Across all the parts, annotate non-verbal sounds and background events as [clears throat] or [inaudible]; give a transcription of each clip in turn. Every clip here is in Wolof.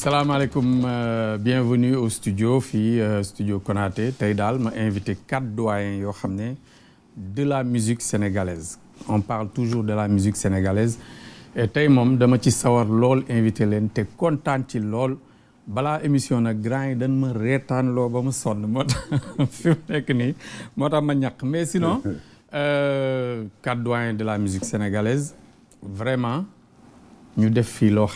Salam alaikum, euh, bienvenue au studio fi euh, studio Konate, tey j'ai ma invité quatre doyens de la musique sénégalaise on parle toujours de la musique sénégalaise et tey mom dama ci sawar l'ol invité l'en, suis content ci lool émission de grand yi me ma reetaan me ba sonne sonn [laughs] fi mais sinon [laughs] euh, quatre doyens de la musique sénégalaise vraiment nous, def fii loo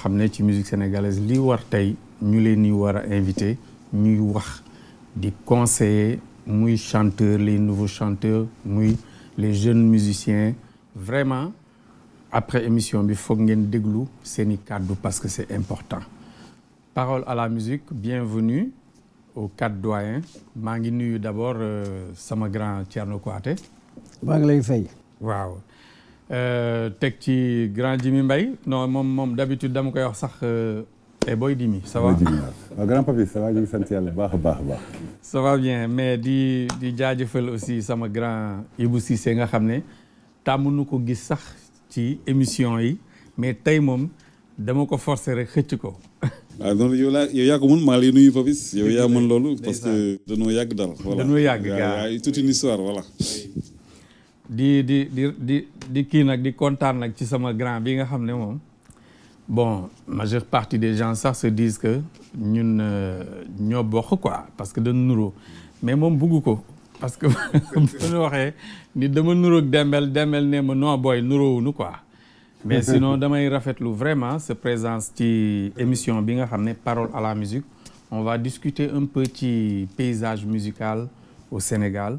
musique sénégalaise nous war tey nous leen des invité ñuy les nouveaux chanteurs des les jeunes musiciens vraiment après émission faut que ngeen déglu seeni cadeau parce que c'est important parole à la musique bienvenue aux quatre doyens maa ngi d'abord euh, sama grand Thierno grand maa ngi lay fay waaw euh, teg ci grand Jimmy Mbaye non mom, mom, d'habitude dama koy wax sax et euh, eh, boy Jimmy ça va. grand papi ça va ñu ngi sant yàlla bah bah ça va bien mais di di fel aussi sama grand Ibou Cissé nga xam ne tàmm nu ko gis sax ci émission yi mais tay mom, dama ko forcer rek xëcc ko. non ah, yo laa yow yaa ko mën maa lay nuyu Papis yow yaa mën loolu. parce que danoo yag dal voilà danoo yàgg. gaa toute une histoire voilà di di di di di kii nak di kontaan ci sama grand bi nga xamné mom bon majeure partie des gens ça se disent que ñun euh, ño bokk quoi parce que de nuroo mais mom bugguko parce que [laughs] bu ñu waxé ni dama nuroog dembel dembel ne ma non booy nuroowunu quoi mais [laughs] sinon damay rafetlu vraiment sa présence ci émission bi nga xamné parole à la musique on va discuter un petit paysage musical au Sénégal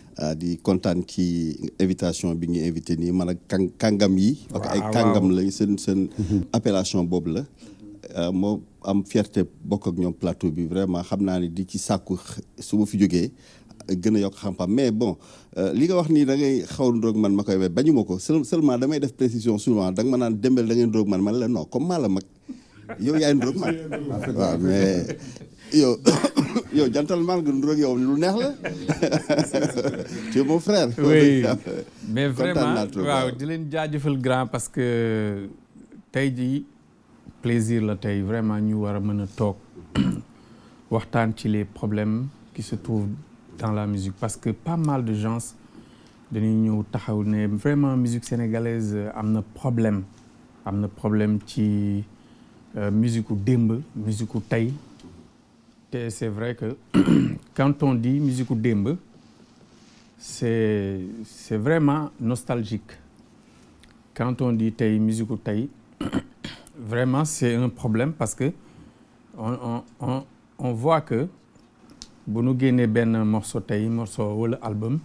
Ah, di contane ci invitation bi ñu invité ni man ak kàngam yi ak ay kangam la sen sen appellation boobu la ah, mo am fierté bok ak ñom plateau bi vraiment xamna ni di ci sakku su ma fi jógee gën a xam-xam mais bon euh, li nga wax ni da ngay xaw ndoog man makoy wé bañumako seulement damay def précision souvent da nga ma naan dembel da ngay ndoog man man la non comme mala mak yow yaay ndoog [laughs] man waaw mais yow Yo, gentleman [laughs] tu es mon frère. oui [laughs] mais vraiment je di le grand parce que c'est un plaisir la vraiment nous avons talk les problèmes qui se trouvent dans la musique parce que pas mal de gens vraiment la musique sénégalaise euh, a un problème Il y problème ci euh, musique ou la musique c'est vrai que [clears throat] quand on dit musique dembe, c'est vraiment nostalgique. Quand on dit musique [clears throat] vraiment c'est un problème parce que on, voit que nous nu ben morceau un morceau album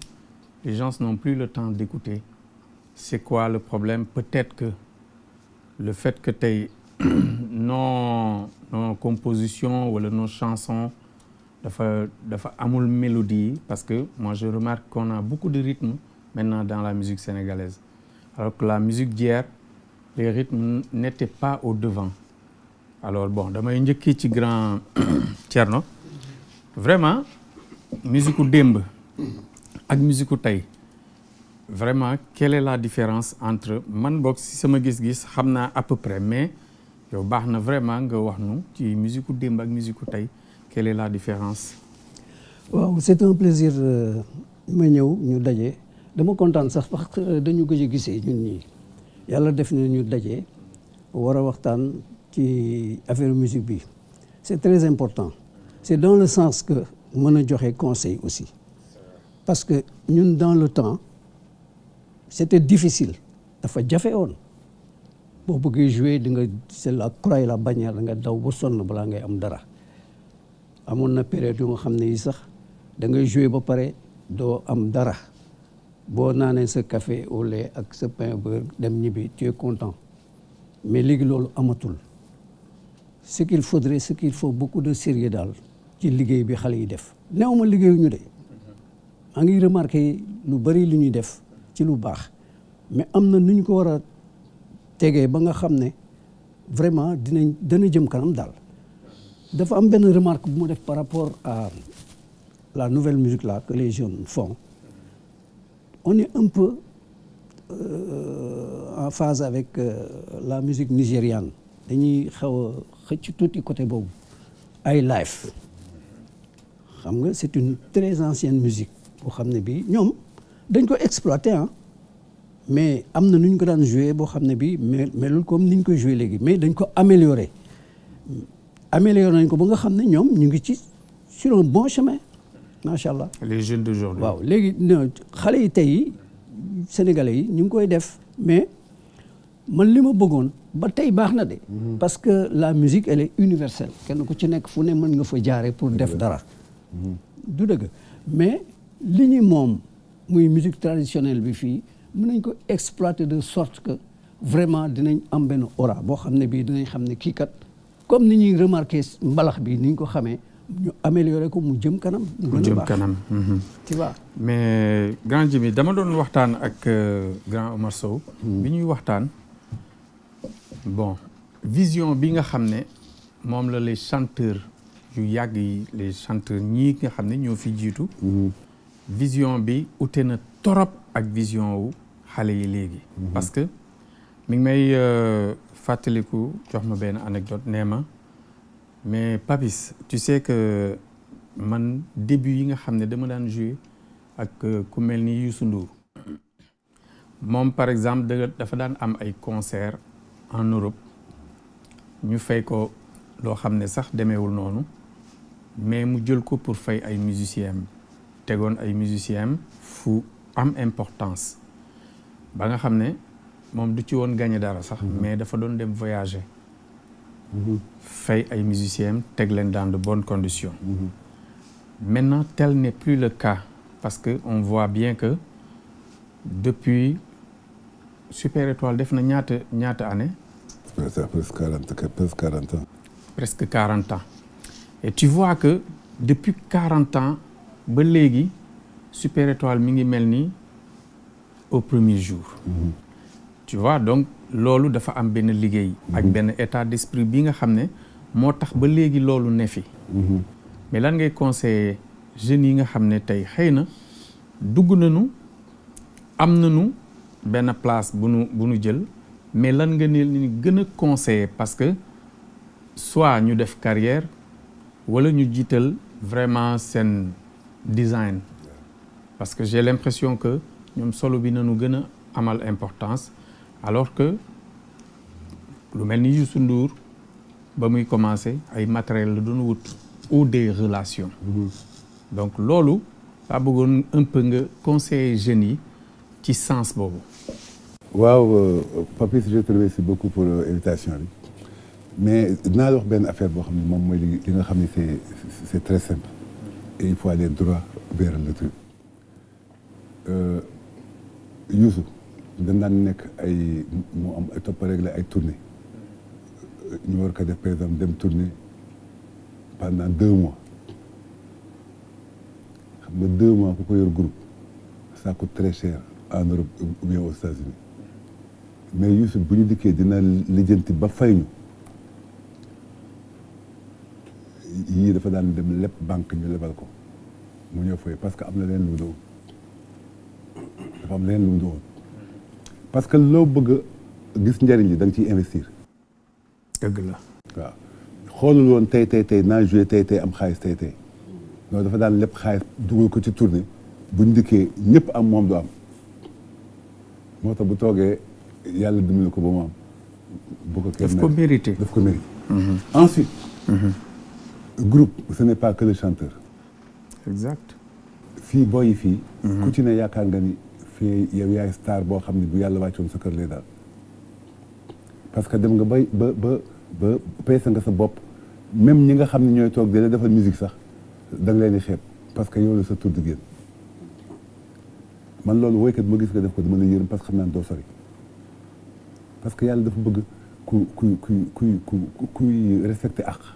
les gens n'ont plus le temps d'écouter c'est quoi le problème peut-être que le fait que es non [clears throat] non composition nos chansons chanson dafa mélodie parce que moi je remarque qu'on a beaucoup de rythmes maintenant dans la musique sénégalaise alors que la musique d'hier les rythmes n'étaient pas au devant alors bon damay njëkkee ci grand tierno [clears throat] vraiment musique u et ak musique u vraiment quelle est la différence entre manbox si sama gis-gis à peu près mais yow baax vraiment nga wax de ci musique de ak musique Tay. quelle est la différence. waaw c'est un plaisir euh, ma ñëw ñu suis dama de sax parce que dañu gëjë a ñun ñi Yalla def na ñu dajé wara waxtaan ci affaire musique bi c'est très important c'est dans le sens que mën joxé conseil aussi parce que ñun dans le temps c'était difficile dafa jafé woon boo bëggee jouer di nga c'est la croix et la bannière da nga daw ba sonn balaa ngay am dara amoon na période yu nga xam ne sax da ngay jouer ba pare doo am dara boo naanee sa café ou lait ak sa pain beurre dem ñibbi tu es content mais léegi loolu amatul ce qu'il faudrait ce qu'il faut beaucoup de sérieux daal ci liggéey bi xale yi def néew ma liggéeyuñu de maa ngi remarqué lu bari lu ñuy def ci lu baax mais am na ko war tegee ba nga xam ne vraiment dinañ dana jëm kanam daal dafa am benn remarque bu mu def par rapport à la nouvelle musique là que les jeunes font on est un peu euh, en phase avec euh, la musique nigériane dañuy xaw a xëcc tuuti côté boobu ay life xam nga c'est une très ancienne musique boo xam ne bii ñoom dañ ko exploiter ah mais am na nu ko daan joué boo xam ne bi mais melul comme niñ ñu koy joué léegi mais dañ ko amélioré amélioré nañ ko ba nga xam ne ñoom ñu ngi ci sur un bon chemin macha allah. les jeunes d'aujourd'hui waaw léegi xale yi tey sénégalais yi ñu ngi koy def mais man li ma bëggoon ba tey baax na de. Mhm. parce que la musique elle est universelle. kenn ku ci nekk fu ne mën nga fa jaare pour def dara. Mhm. du dëgg mais li ñu moom muy musique traditionnelle bi fii mën nañ ko exploiter de sorte que vraiment dinañ am aura comme ni ñuy remarqué mbalax bi ni ko ñu mhm. tu mais grand Jimmy dama doon waxtaan ak euh, grand Omar hmm. bon vision bi nga les chanteurs les chanteurs ñii nga hmm. vision bi ute na torop vision xale yi léegi. Mhm. parce que mi ngi may euh, fàttaliku jox ma benn anecdote nee ma mais Papis tu sais que man début yi nga xam ne dama daan jouer ak euh, ku mel ni Youssou Ndour moom par exemple dafa daan am ay concert en Europe ñu fay ko loo xam ne sax demeewul noonu mais mu jël ko pour fay ay musiciens tegoon ay musiciens fu am importance ba nga xamné mom du ci won gagner dara sax. Mhm. mais dafa doon dem voyager. Mhm. fay ay musiciens teg leen dans de bonnes conditions. Mhm. maintenant tel n'est plus le cas parce que on voit bien que depuis Super Étoile def na ñaata ñaata année. presque 40 presque 40 ans. presque 40 ans et tu vois que depuis 40 ans ba légui Super Étoile mi ngi melni au premier jour. Mhm. tu vois donc lolu dafa am ben ak état d'esprit bi nga xamné ne mhm. mais lan ngay conseiller nga nañu am nañu place nu mais lan nga ni conseiller parce que soit ñu def carrière wala ñu vraiment design parce que j'ai l'impression que ñoom solo bi nañu gën a amal importance alors que lu ménage ni va Ndour commencer muy commencé ay matériel la wut ou des relations mm-hmm. donc lolo a besoin un peu nga conseil génie qui ci sens boobu waaw euh, Papis je te remercie beaucoup pour l'invitation euh, mais dans leur ben affaire boo moi. ne moom li nga ne c'est c'est très simple et il faut aller droit vers le truc euh, Youssou dañ daan nekk ay mu am ay topp réglé ay tournée ñu war ko par exemple dem tournée pendant deux mois xam nga deux mois ku ko yor groupe ça coûte très cher en Europe ou bien aux États-Unis mais Youssou bu ñu dikkee dina lijjanti ba fay ñu yii dafa daan dem lépp banque ñu lebal ko mu ñëw fay parce que am na leen lu doon dafa am leneen lu mu doon parce que loo bëgg gis njëriñ li da nga ciy investir. dëgg la waaw xoolul woon tey tey tey naa joué tey tey am xaalis tey tey loolu dafa daan lépp xaalis dugal ko ci tournée buñ dikkee ñëpp am moom du am moo tax bu toogee yàlla dimbali ko ba mu am. bu ko kenn daf ko mérité daf ko mérité. Mhm. ensuite. Mhm. groupe ce n'est pas que le chanteur. exact. fii booyi fii mhm. ku ci ne yaakaar nga ni fii yow yaay star boo xam ne bu yàlla wàccoon sa kër lay daal parce que dem nga bay ba ba ba peese nga sa bopp même ñi nga xam ne ñooy toog dina defal musique sax da nga leen di xeeb parce que yow la sa tur génn man loolu woykat ma gis nga def ko dama la yërëm parce que xam naa doo sori parce que yàlla dafa bëgg ku ku ku ku ku kuy respecté ak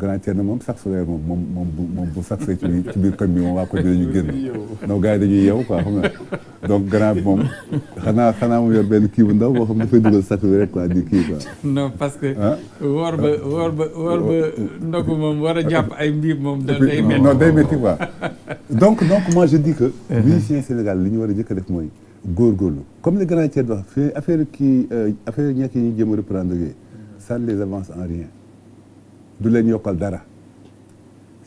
grand Thierno moom sax su weer moom moom bu moom bu sax see ci biir koñ bi moom waa ko bi dañuy génn. non gars yi dañuy yow quoi xam nga donc grand bi moom xanaa xanaa mu yor benn kii bu ndaw boo xam dafay dugal sax bi rek quoi di kii quoi. non parce que. Ah? woor ba woor ba woor ba ndogu moom war a jàpp ay mbir moom. da day métti non day métti quoi. donc donc moi je dis que. Uh-huh. musicien Sénégal li ñu war a njëkk a def mooy góorgóorlu comme le grand Thierno wax fii affaire kii euh, affaire ñett yi ñu jéem a reprendre ça les avance en rien. du leen yokkal dara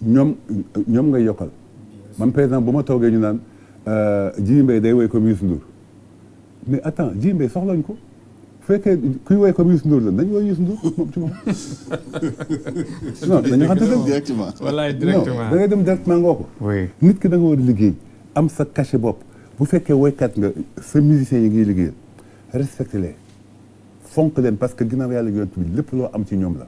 ñoom ñoom ngay yokkal man par exemple bu ma toogee ñu naan Djily euh, Mbaye day woy comme Youssou Ndour mais attends Djily Mbaye soxlañ ko bu fekkee kuy woy comme Youssou Ndour la nañ woy Youssou Ndour moom ci moom [laughs] non dañu xam te directement wallaay directement da ngay dem directement ngoo ko nit ki da nga war a liggéey am sa cachet bopp bu fekkee woykat nga sa musiciens yi ngiy liggéeyal respecte leen fonk leen parce que ginnaaw yàlla yonent bi lépp loo am ci ñoom la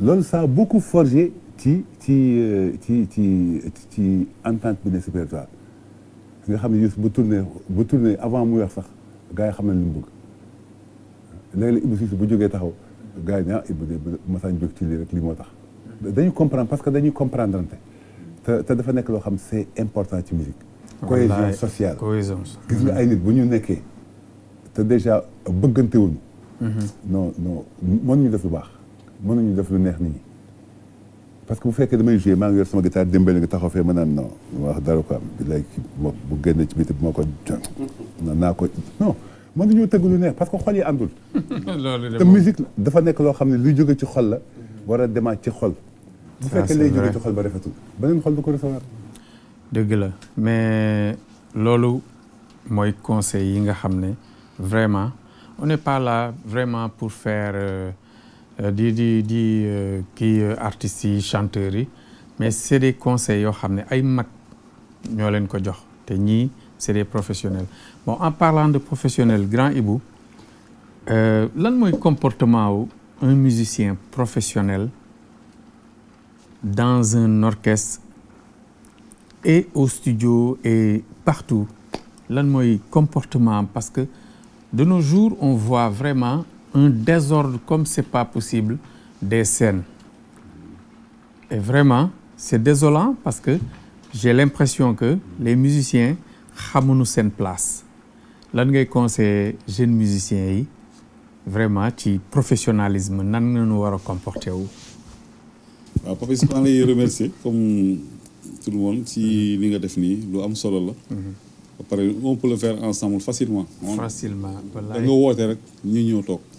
loolu ça a beaucoup forgé ci ci euh, ci ci ci entente bi ne nga xam ne bu bu avant mu wax sax gars yi xam nañ lu bu taxaw ah, de ci rek parce que dañuy comprendre te c'est important ci musique cohésion sociale cohésion gis nit déjà mhm. non non من اللي دفع بالنهني بس كم فيها كده ما يجي ما يرسم ما قتار دين بيني قتار خفيف منا نو ما هدارو كم بلايك بوجن تبيت ما كو جن نا نا كو نو ما نيجي تقولي نه بس كم خالي أندول الموسيقى دفع نك لو خم نلوي جوجي تخلى ورا دما تخل دفع كل يجوجي تخل بريفتو بعدين خل دكتور سوار دقيلا ما لولو moy conseil yi nga xamne vraiment on n'est pas là vraiment pour faire euh, Euh, di di di euh, euh, artistes chanteurs mais c'est des conseils yo xamné ay mag ñoo c'est des professionnels bon en parlant de professionnels Grand Ibou lan comportement un musicien professionnel dans un orchestre et au studio et partout lan comportement parce que de nos jours on voit vraiment un désordre comme c'est pas possible des scènes. Et vraiment, c'est désolant parce que j'ai l'impression que les musiciens xamuñu seen place lan ngay conseiller jeunes musiciens yi vraiment ci professionnalisme nan la ñu war a comporter wu. remercier comme tout le monde ci li nga def nii lu am solo la. Mhm. on peut le faire ensemble facilement. facilement da nga woote rek ñu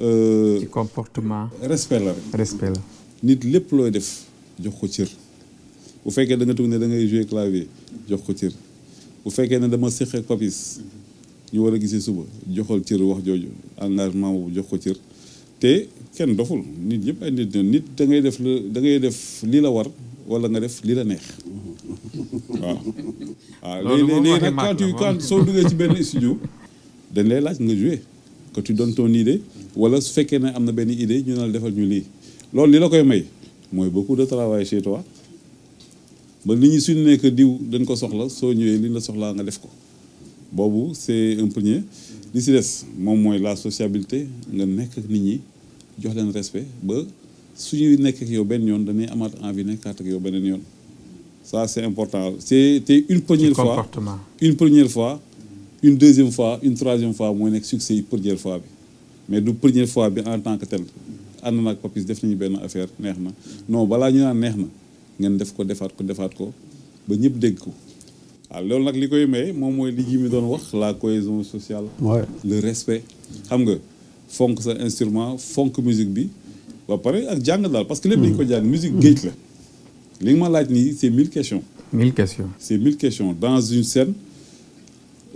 Euh, ci comportement. respect la respect la. nit lépp looy def jox ko cër bu fekkee da nga toog ne da ngay jouer clavier jox ko cër bu fekkee ne dama séq copis papis ñu war a gisee suba joxal cër wax jooju engagement boobu jox ko cër te kenn doful nit ñëpp ay nit nit da ngay def da ngay def li la war wala nga def li la neex waaw. waaw léegi léegi nag quand tu quand soo duggee ci benn studio dañ lay laaj nga jouer que tu donnes ton idée wala su fekkee ne am na idée ñu ne la defal ñu Lors loolu li la koy may beaucoup de travail chez toi ba nit ñi suñu nekk diw dañ ko soxla soo ñëwee li ñu la soxlaa nga def ko boobu c'est un premier D'ici là, des moi la sociabilité nga nekk ak nit ñi jox leen respect ba suñuy nekk ak yow obéit, yoon dañuy amaat envie nekkaat ak yow beneen yoon ça c'est important c'était une première fois une première fois une deuxième fois une troisième fois moi un succès première fois bi mais du première fois bi en tant que tel and nak papis def nañu benn affaire neex non bala ñu naan neex na ngeen def ko defaat ko defaat ko ba ñëpp dégg ko ah lool nak likoy koy maye moom mooy li jimi doon wax la cohésion sociale le respect xam nga fonk sa instrument fonk musique bi ba pare ak jang dal parce que lépp dañu ko jang musique géej la li nga ma laaj nii c'est mille questions mille questions c'est mille questions dans une scène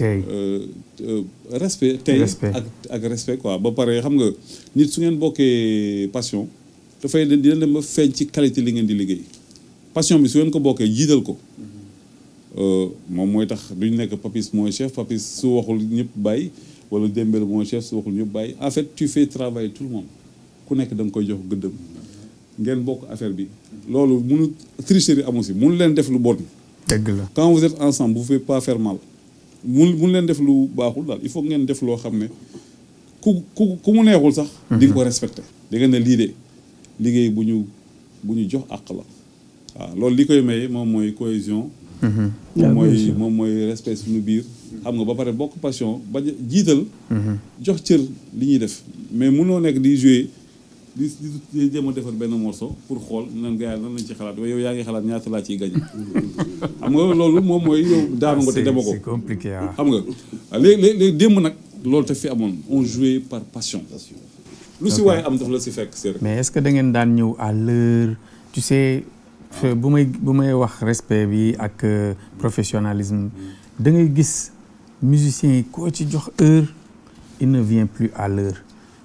Euh, euh, tey respect respect quoi ba pare xam nga nit su ngeen bokkee passion fay dina la ba feeñ ci qualité li ngeen di liggéey passion bi su ngeen ko bokkee jiital ko euh, mom moy tax duñ nekk papis moy chef papis su waxul ñëpp bay wala dembel mon chef su waxul ñëpp bay en fait tu fais travailler tout le monde ku nekk dang koy jox gëddëm ngeen bokk affaire bi loolu munu tricherie amu si munu leen def lu bon dëgg la quand vous êtes ensemble vous pouvez pas faire mal mu mun leen def lu baaxul daal il faut ngeen def loo xam ne ku ku ku mu neexul sax. di nga ko mhm. respecté. da ngeen ne lii de liggéey bu ñu bu ñu jox àq la waaw loolu li koy may moom mooy cohésion. Mhm. Ah, moom mooy moom mooy respect suñu biir. xam nga ba pare bokk passion ba jiital. Mhm. jox cër li ñuy def mais munoo nekk di jouer. di di jéem a defar benn morceau pour xool nan gars nan lañ ci xalaat yow yaa ngi xalaat ñaata laa ciy gagné xam nga loolu moom mooy yow daanu nga te dema ko hein. xam nga léegi léegi démb nag loolu te fi amoon on jouait par passion lu si waaye am daf la si fekk c'est mais est-ce que da ngeen daan ñëw à l'heure tu sais bu may bu may wax respect bi ak euh, professionnalisme da ngay gis musicien yi koo ci jox heure il ne vient plus à l'heure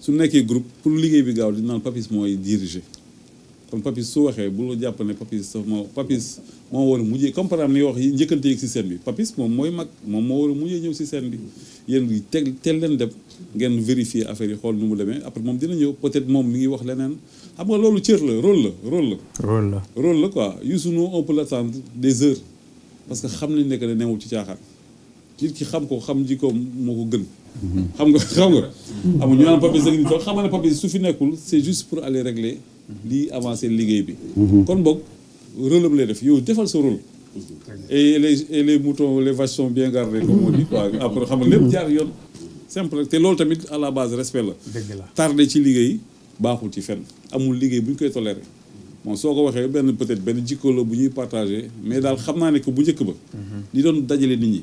su nekkee groupe pour Ligue bi gaaw di naan Papis mooy diriger Comme Papis su waxee bu la jàpp ne Papis Papis moo war a mujjee comme par exemple wax yi njëkkante yeeg si bi Papis mom moy mag mom mo war a mujjee ñëw si scène bi yéen bi teg teel leen dem ngeen vérifier affaire yi xol nu mu demee après mom dina ñëw peut-être mom mi ngi wax leneen xam nga loolu cër la rôle la rôle la. rôle la rôle la quoi Youssou nous on peut l'attendre des heures parce que xam nañ ne que ne ci caaxaan ci ki xam ko xam ji ko moko gën xam nga xam nga amul ñu naan Papis ak ni toog xam nga ne Papis su fi nekkul c'est juste pour aller régler li avancer liggéey bi mhm. kon boog rôle am lay def yow defal sa rôle et les et les moutons les vaches sont bien gardées comme on dit quoi après xam nga lépp jaar yoon simple te loolu tamit à la base respect là tardé ci liggéey baaxul ci fenn amul liggéey bu ñu koy toléré Mon soo ko waxee benn peut-être ben jikko la bu ñuy partagé mais daal xam naa ne que bu njëkk ba ni mhm. doon dajale nit ñi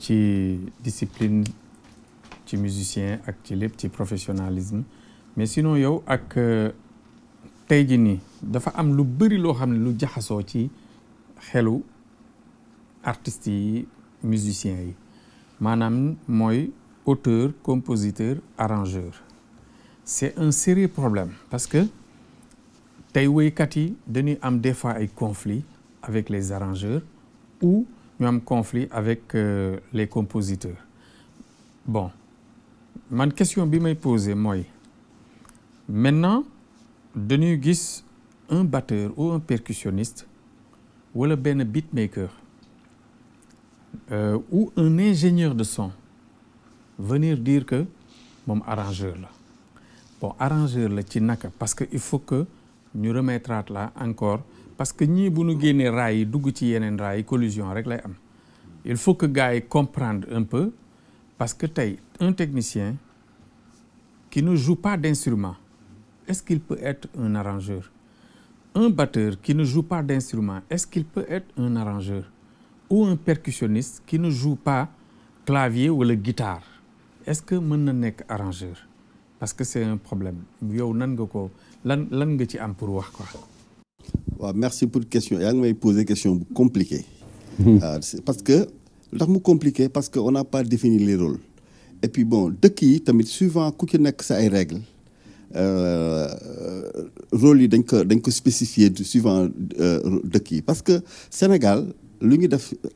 ci discipline ci musicien ak ci professionnalisme mais sinon yow ak euh, tey ji nii dafa am lu bëri loo xam ne lu jaxasoo ci xelu artistes yi auteur compositeur arrangeur c'est un sérieux problème parce que tey woykat yi dañuy am des conflits avec les arrangeurs ou avons un conflit avec euh, les compositeurs bon ma question bi may poser moi maintenant de un batteur ou un percussionniste ou un beatmaker euh, ou un ingénieur de son venir dire que mon arrangeur bon arrangeur là, parce que faut que nous remettrons là encore parce que ni bu ñu génnee raay ci il faut que les gens comprendre un peu parce que un technicien qui ne joue pas d'instrument est-ce qu'il peut être un arrangeur un batteur qui ne joue pas d'instrument est-ce qu'il peut être un arrangeur ou un percussionniste qui ne joue pas clavier ou la guitare est-ce que mën na un arrangeur parce que c'est un problème yow nan ko lan lan merci pour la question Il ngi posé une question compliquée. Hmm. Ah, parce que compliqué parce que n'a pas défini les rôles. et puis bon de qui, tamit suivant mis ci nekk sa ay euh, rôles yi suivant de qui. Euh, parce que Sénégal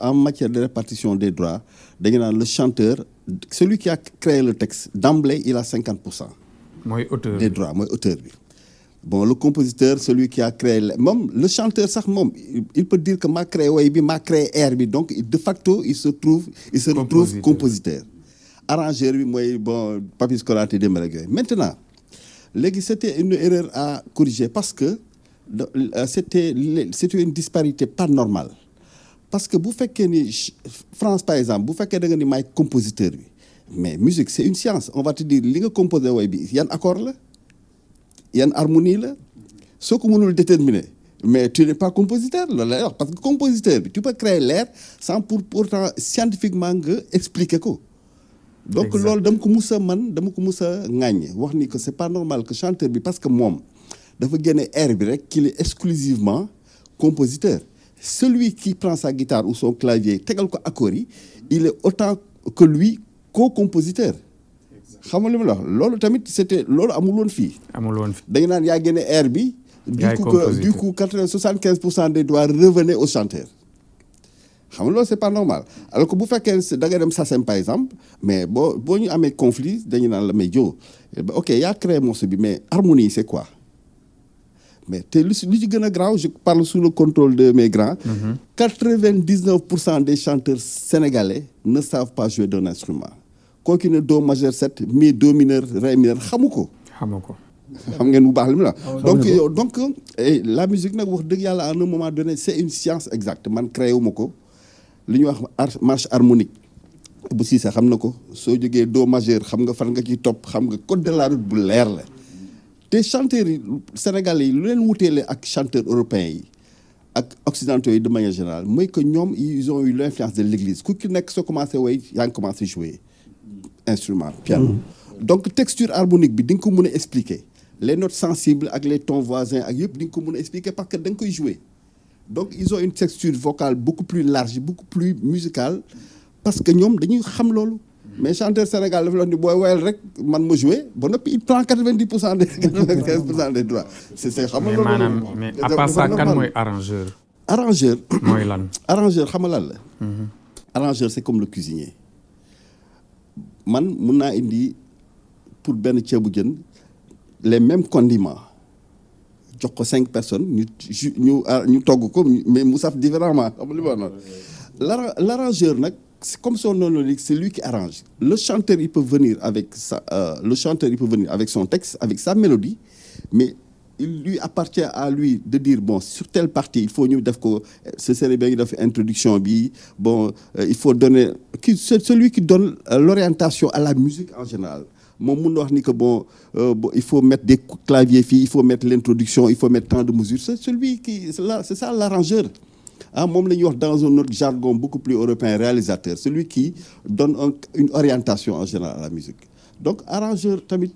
en matière de répartition des droits le chanteur celui qui a créé le texte d'emblée il a 50% auteur des droits Moi, auteur bon le compositeur celui qui a créé le chanteur ça, il peut dire que m'a créé way bi créé air donc de facto il se trouve il se retrouve compositeur arrangeur bon Papis scolaire, de maintenant c'était une erreur à corriger parce que euh, c'était c'était une disparité pas normale parce que vous faites que... France par exemple vous faites que compositeur mais musique c'est une science on va te dire li compositeur il y a un accord là. Il y a une harmonie ce que nous mënul déterminer mais tu n'es pas compositeur l'air, parce que compositeur tu peux créer l'air sans pour pourtant scientifiquement expliquer quoi. donc ce dama ko man dama ko mus a wax ni que c'est pas normal que chanteur parce que moi, il génne air qu'il est exclusivement compositeur celui qui prend sa guitare ou son clavier il est autant que lui co-compositeur xam nga loolu tamit c'était loolu amul woon fii. amul woon fii da air du coup 75% du coup des doigts revenaient aux chanteurs. xam nga c'est pas normal alors que bu fekkee da nga dem un par exemple mais boo boo ñu amee conflit dañu naan la mais joo eh ben, ok a créé morceau bi mais harmonie c'est quoi. mais ci je parle sous le contrôle de mes grands. 99% mm-hmm. des chanteurs sénégalais ne savent pas jouer d'un instrument ki ne do majeur 7 mi do mineur ré mineur xamu ko. xamu ko. xam ngeen bu baax la donc yow donc eh, la musique nag wax dëgg yàlla à un moment donné c' est une science exacte man créé wu ma ko li ñuy wax marche harmonique bu siisa xam na ko soo jógee do majeur xam nga fan nga ci topp xam nga code de la route bu leer la te chanteurs yi sénégalais yi lu leen wuteele ak chanteurs européens yi ak occidentaux yi de manière générale mooy que ñoom ils ont eu l' influence de l' église ku ki nekk soo commencé way yaa ngi commencé jouer instrument piano mm. donc texture harmonique bi di nga expliquer les notes sensibles avec les tons voisins avec yëpp di nga expliquer parce que da nga jouer donc ils ont une texture vocale beaucoup plus large beaucoup plus musicale parce que nous, dañuy xam loolu mais chanteur Sénégal dafa la ni woyal rek man ma il prend 90% des doigts. mais à part ça quand est arrangeur arrangeur arrangeur xam mm-hmm. arrangeur c'est comme le cuisinier man mun naa indi pour ben ceebu jën les mêmes condiments jox ko cinq personnes ñu ñu ah, ñu togg ko mais mu saf différemment xam li l'arrangeur comme son nom le c'est lui qui arrange le chanteur il peut venir avec sa euh, le chanteur il peut venir avec son texte avec sa mélodie mais il lui appartient à lui de dire bon sur telle partie il faut que def ce serait bien d'avoir introduction bi bon euh, il faut donner qui celui qui donne euh, l'orientation à la musique en général mon monde euh, bon il faut mettre des claviers il faut mettre l'introduction il faut mettre tant de mesures c'est celui qui c'est ça l'arrangeur ah mon dans un autre jargon beaucoup plus européen réalisateur celui qui donne une orientation en général à la musique donc arrangeur tamit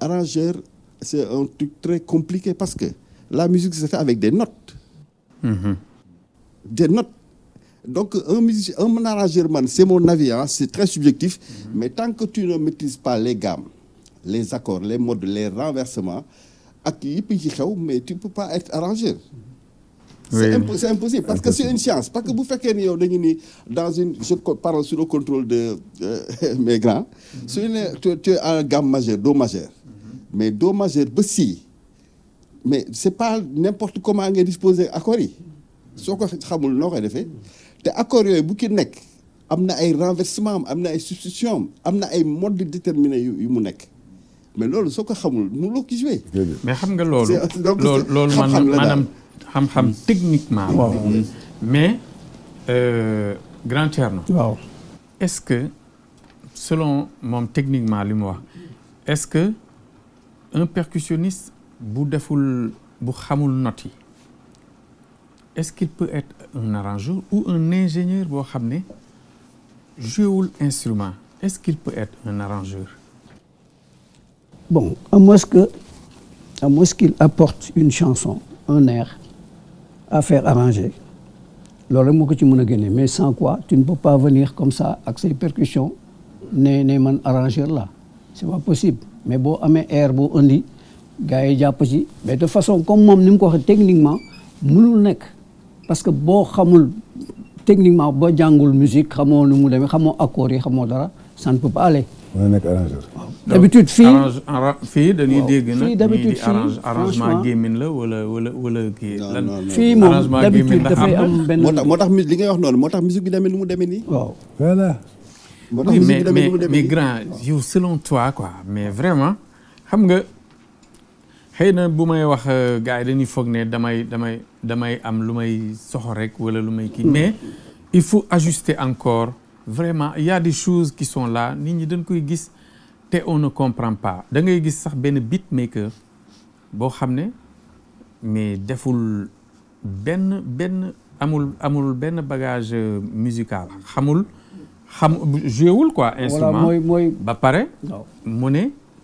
arrangeur c'est un truc très compliqué parce que la musique se fait avec des notes. Mhm. Des notes. Donc, un, musicien, un c'est mon avis, hein, c'est très subjectif, mhm. mais tant que tu ne maîtrises pas les gammes, les accords, les modes, les renversements, mais tu ne peux pas être arrangeur. C'est impossible, parce que c'est une science. Parce que vous faites dans une. Je parle sur le contrôle de euh, [laughs] mes grands. Mhm. tu, as un gamme majeure, do majeur mais do majeur ba sii mais c'est pas n'importe comment ngay disposer accords yi soo ko xamul noo koy defee te accords yooyu bu ki nekk am na ay renversement am na ay substitution am na ay mode déterminé yu yu mu nekk mais loolu soo ko xamul mënuloo ko jouer mais xam nga loolu loolu loolu maanaam xam-xam techniquement waaw mais euh, grand Thierno waaw est-ce que selon moom techniquement li mu wax est-ce que un percussionniste bu deful est-ce qu'il peut être un arrangeur ou un ingénieur pour xamné l'instrument instrument est-ce qu'il peut être un arrangeur bon à moins que à moins qu'il apporte une chanson un air à faire arranger lolé moko ci mais sans quoi tu ne peux pas venir comme ça avec ces percussions ne né man arrangeur là c'est pas possible mais boo amee air boo indi gars yi jàpp ci mais de façon comme moom ni mu ko waxee techniquement mënul nekk parce que boo xamul techniquement boo jàngul musique xamoo nu mu demee xamoo accords yi xamoo dara ça ne peut pas aller. mën na nekk arrangeur. d'habitude fii fii dañuy dégg nag. fii d'habitude la wala wala wala kii. lan fii dafay am benn. moo tax moo li ngay wax noonu moo tax musique bi demee nu mu demee nii. waaw mais mais mais grand selon toi quoi mais vraiment xam nga xëy na bu may wax euh, gars yi dañuy foog ne damay damay damay am lu may soxor rek wala lu may hmm. mais il faut ajuster encore vraiment il y a des choses qui sont là nit ñi dañ koy gis te on ne comprend pas da ngay gis sax ben beatmaker boo xam mais deful ben ben amul amul ben bagage euh, musical xamul xam joué quoi. instrument voilà mooy Moi ba paré waaw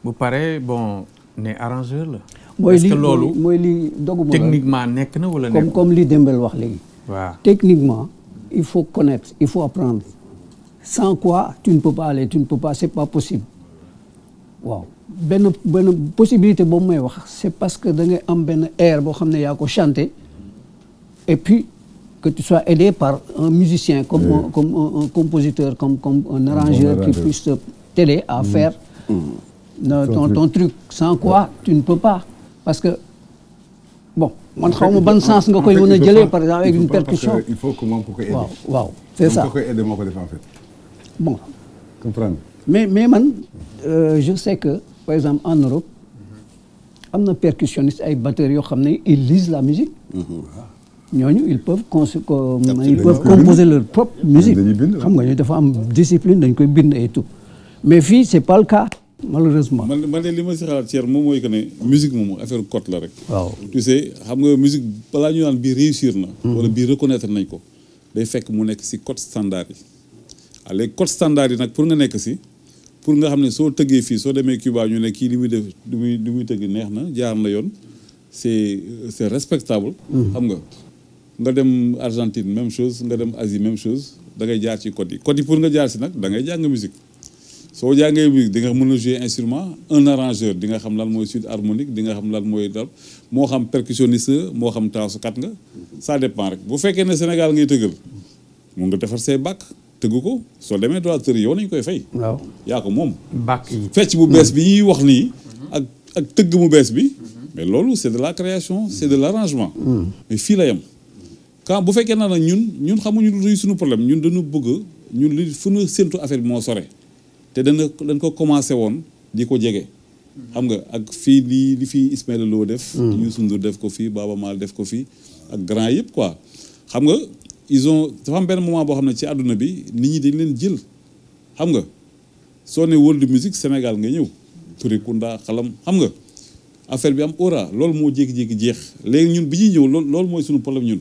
bu paré bon né arrangeur la. mooy li loolu mooy li doguma techniquement nek na wala comme comme li Dembel wax légui wa techniquement il faut connaître il faut apprendre sans quoi tu ne peux pas aller tu ne peux pas c'est pas possible Wow. Ben, ben, possibilité bon may wax c'est parce que da ngay am ben air bo xamné ne ko chanter et puis que tu sois aidé par un musicien, comme, un, compositeur, comme, un, arrangeur qui puisse t'aider à faire mm. ton, truc. Sans quoi, tu ne peux pas. Parce que, bon, moi un bon sens quand sens mën a par exemple avec une percussion. il faut que pour aider. ça Pour que aider en fait. bon. comprendre. mais mais euh, je sais que par exemple en Europe un un percussionniste avec batteurs batterie, ils lisent la musique. Mm-hmm ñooñu ils peuvent ils peuvent composer leur propre musique xam nga ñu dafa am discipline dañ koy bind et tout mais fii c'est pas le cas malheureusement. man man de li ma si xalaat Thierno moom mooy que ne musique moom affaire cote la rek. waaw tu sais xam nga musique balaa ñu naan bi réussir na. Hmm. wala bi reconnaître nañ ko. day fekk mu nekk si cote standard yi. waaw ah, léegi cote standard yi nag pour nga nekk si pour nga xam ne soo tëggee fii soo demee Cuba ñu ne kii li muy def li muy li muy tëgg neex na jaar na yoon c'est c'est respectable. Hmm. xam nga nga dem Argentine même chose nga dem Asie même chose da ngay jaar ci code yi code pour nga jaar ci nak da ngay jang musique So jàngee musique di nga mën jouer instrument un arrangeur di nga xam lan moy suite harmonique di nga xam lan moy dal moo xam percussionniste mo xam tasukat nga ça dépend rek bu fekké né Sénégal ngay teugul, mo nga défar ses bac, teuguko. So soo demee droiteur yow nañ koy fay waaw yaa ko moom Bac yi fecc bu bess hmm. bi ñuy wax ni ak ak teug mu bess bi mais lolu c'est de la création c'est de l'arrangement hmm. mais fi la yam quand bu fekkee na nag ñun ñun xamuñu luy suñu problème ñun dañu bëgg ñun li fu ñu séntu affaire bi moo sore te dana dañ ko commencé woon di ko jege. xam nga ak fii li li fii Ismaël Lo def. Hmm. Youssou Ndour def ko fii baba mal def ko fii ak grand yëpp quoi xam nga ils ont dafa am benn moment boo xam ne ci àdduna bi nit ñi dañ leen jël xam nga soo ne world music Sénégal nga ñëw. Touré Kunda xalam xam nga affaire bi am aura loolu moo jékki-jékki jeex léegi ñun bi ñuy ñëw loolu loolu mooy suñu problème ñun.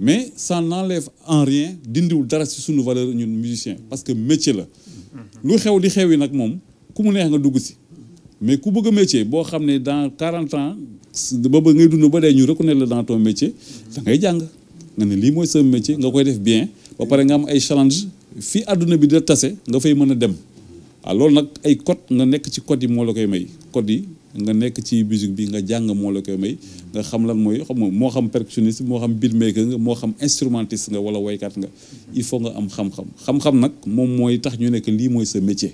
mais ça n'enlève en rien dindiwul dara ci sunu valeur ñun musicien parce que métier la lu xew li xewi nak mom ku mu neex nga dugg ci mais ku bëgg métier bo xamné dans 40 ans ba ba ngay dund reconnaître dans ton métier da ngay jang ne métier nga koy def bien ba paré nga am ay challenge fi aduna bi da tassé nga fay mëna dem ah, ay code nga nekk ci code yi la code nga nekk ci musique bi nga jàng moo la koy may nga xam lan mooy xam nga moo xam percussionniste moo xam beatmaker nga moo xam instrumentiste nga wala woykat nga il faut nga am xam-xam xam nag moom mooy tax ñu nekk lii mooy sa métier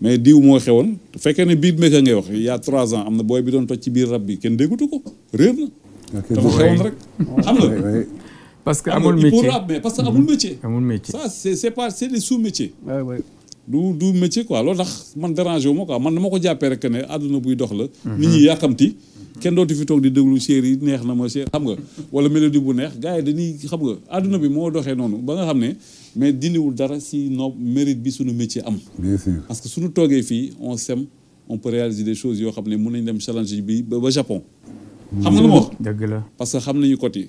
mais diw moo xewoon bu fekkee ne beatmaker ngay wax il y trois ans am na booy bi doon toj ci biir rab bi kenn déggutu ko réer na dafa xewoon rek xam nga parce que amul métier pour rab c'est c'est sous-métiers du du métier quoi loolu tax man dérangé wu ma quoi man dama ko jàppee rek ne àdduna buy dox la. Mhm. nit ñi yàkkamti. kenn dootu fi toog di déglu série yi neex na ma série xam nga wala mélodie bu neex gars yi dañuy xam nga àdduna bi moo doxee noonu ba nga xam ne mais dindiwul dara si no mérite bi suñu métier am. parce que suñu toogee fii on sème on peut réaliser des choses yoo xam ne mun nañ dem challenge bi ba Japon. Mmh. xam nga lu ma wax dëgg la parce que xam nañu côté.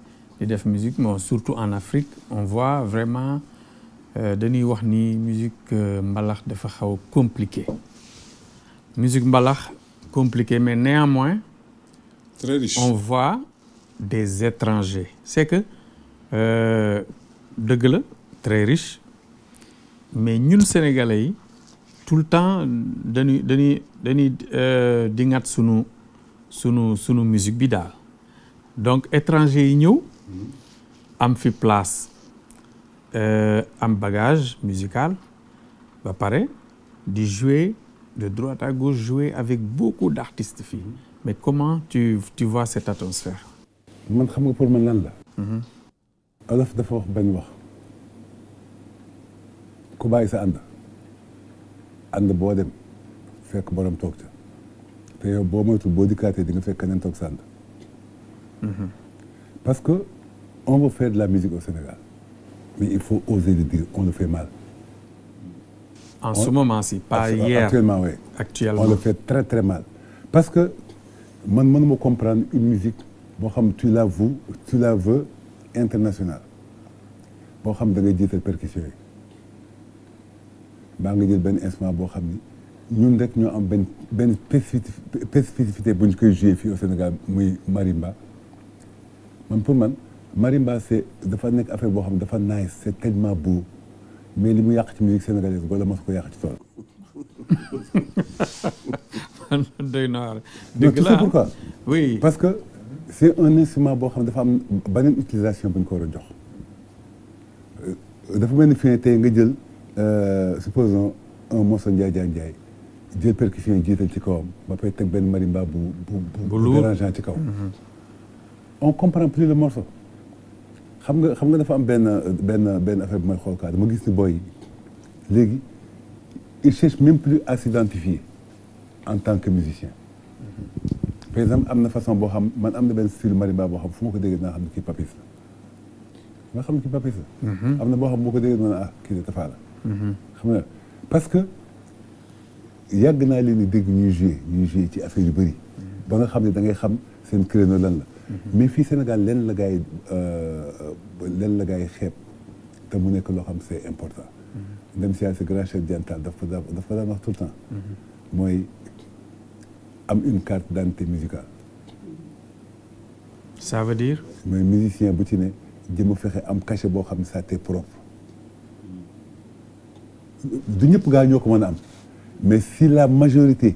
musique surtout en Afrique on voit vraiment euh, dañuy wax ni musique euh, mbalax dafa xaw compliqué musique mbalax compliqué mais néanmoins très riche on voit des étrangers c'est que euh, de la très riche mais ñun sénégalais tout le temps dañuy dañuy dañuy dingat sunu sunu sunu musique bi daal donc étrangers yi am fi place eh, am bagage musical va pare di jouer de droite à gauche jouer avec beaucoup d'artistes fii mhm. mais comment tu tu vois cette atmosphère. man xam nga pour man lan la. Wolof mhm. dafa wax ben wax ku bay sa and and boo dem fekk borom toog ca te yow boo moytu boo di nga fekk keneen toog mhm. parce que on veut faire de la musique au Sénégal. Mais il faut oser le dire, on le fait mal. En ce moment-ci, pas hier. Actuellement, oui. Actuellement. On le fait très, très mal. Parce que, moi, je me comprendre une musique, tu la veux, tu la veux internationale. Bon xam da ngay jiital percussion yi baa nga jël benn instrument boo xam ni ñun rek ñoo am ben spécificité bu que koy au Sénégal muy marimba man pour moi marimba c'est dafa nekk affaire boo xam dafa nice c'est tellement beau mais li mu yàq ci musique sénégalaise wala mas ko yàq ci tool. [laughs] doy pourquoi. oui parce que c'est un instrument boo xam dafa am beneen utilisation bu ñu ko war a jox. Euh, dafa mel nga jël euh, supposons un morceau Ndiaye Ndiaye Ndiaye jël percussion yi jiital ci kawam ba pay teg benn marimba bu bu bu dérangeant ci kaw. Mm-hmm. on comprend plus le morceau xam nga xam nga dafa am benn benn benn affaire bu may xool kaa dama gis ni boy léegi il cherchent même plus à s'identifier en tant que musicien mm-hmm. par exemple am na façon boo xam man am na benn style marimba boo xam fu ma ko déggee dinaa xam ne kii papis la nga xam ne kii papis la mm-hmm. am na boo xam boo ko déggee dina ah kii de tafaa la mm-hmm. xam nga parce que yàgg naa leen di dégg ñuy joué ñuy joué ci affaire yu bëri ba nga xam ne da ngay xam seen créneau lan la mais fii Sénégal lenn la gaay euh, lenn la gaay xeeb te mu nekk loo xam c'est important. dem si si grand chef jantal daf ko daan daf ko daan wax mooy am une carte d'identité musicale. ça veut dire. mooy musicien bu ci ne jëm fexe am cachet boo xam ne ça t'est propre. du ñëpp gaa ñoo ko mën a am mais si la majorité.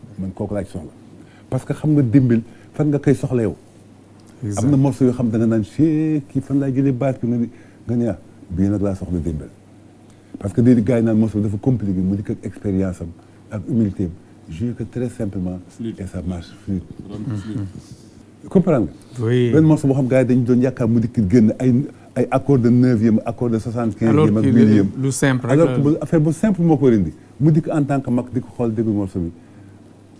man kooku laaj soxla parce que xam nga dimbil fan nga koy soxla yow am na morceau yoo xam da nga naan fii kii fan laay jëlee baat bi nga nga ne ah bii nag laa soxla dimbil parce que léegi gars yi naan morceau dafa compliqué mu di ko expérience am ak humilité am joué que très simplement et ça marche fluide comprendre nga benn morceau boo xam gars yi dañu doon yaakaar mu dikk génn ay ay accord de neuvième accord de soixante quinze ak millième alors que affaire bu simple moo ko indi mu dikk en tant que mag di ko xool déglu morceau bi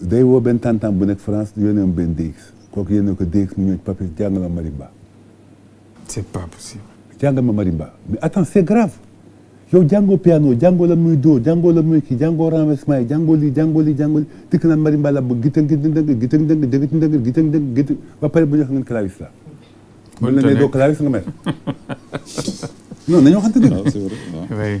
day woo benn tantam bu nekk France yónnee am benn DX kooku yónnee ko DX mu ñëw papi jàngal ma marimba. c'est pas possible. jàngal ma marimba mais attends c'est grave yow jàngoo piano jàngoo la muy dóor jàngoo la muy kii jàngoo renversement yi jàngoo lii jàngoo lii jàngoo lii dikk naan marimba la ba gitang gitang gitang gitang gitang gitang ba pare bu ñu wax ngeen clavis la. mën na ne doo clavis nga mel. non nañu waxante dëgg. c'est vrai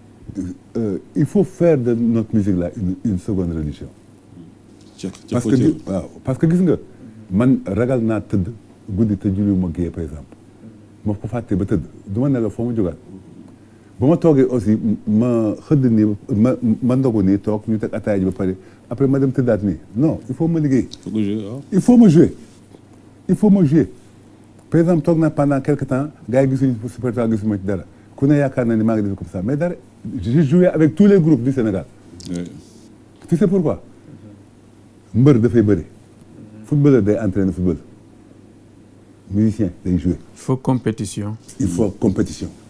euh, il faut faire de notre musique-là une, une seconde religion. parce que parce que gis nga man ragal na tëdd guddi te julli ma gée par exemple ma ko fàttee ba tëdd Duma ma fomu foo ma jógaat aussi ma xëdd nii ma ma ndogu nii toog ñu teg ataaya ba pare après ma dem tëddaat ni. non il faut ma liggéey ah. il faut ma jouer il faut ma jouer par exemple tok na pendant quelque temps gars yi gisuñu Supertoile gisuñu ma ci dara ne ça mais j'ai joué avec tous les groupes du Sénégal. tu sais pourquoi. mbër dafay footballeur entraîneurs de football. musicien des joué. il faut compétition. il faut compétition.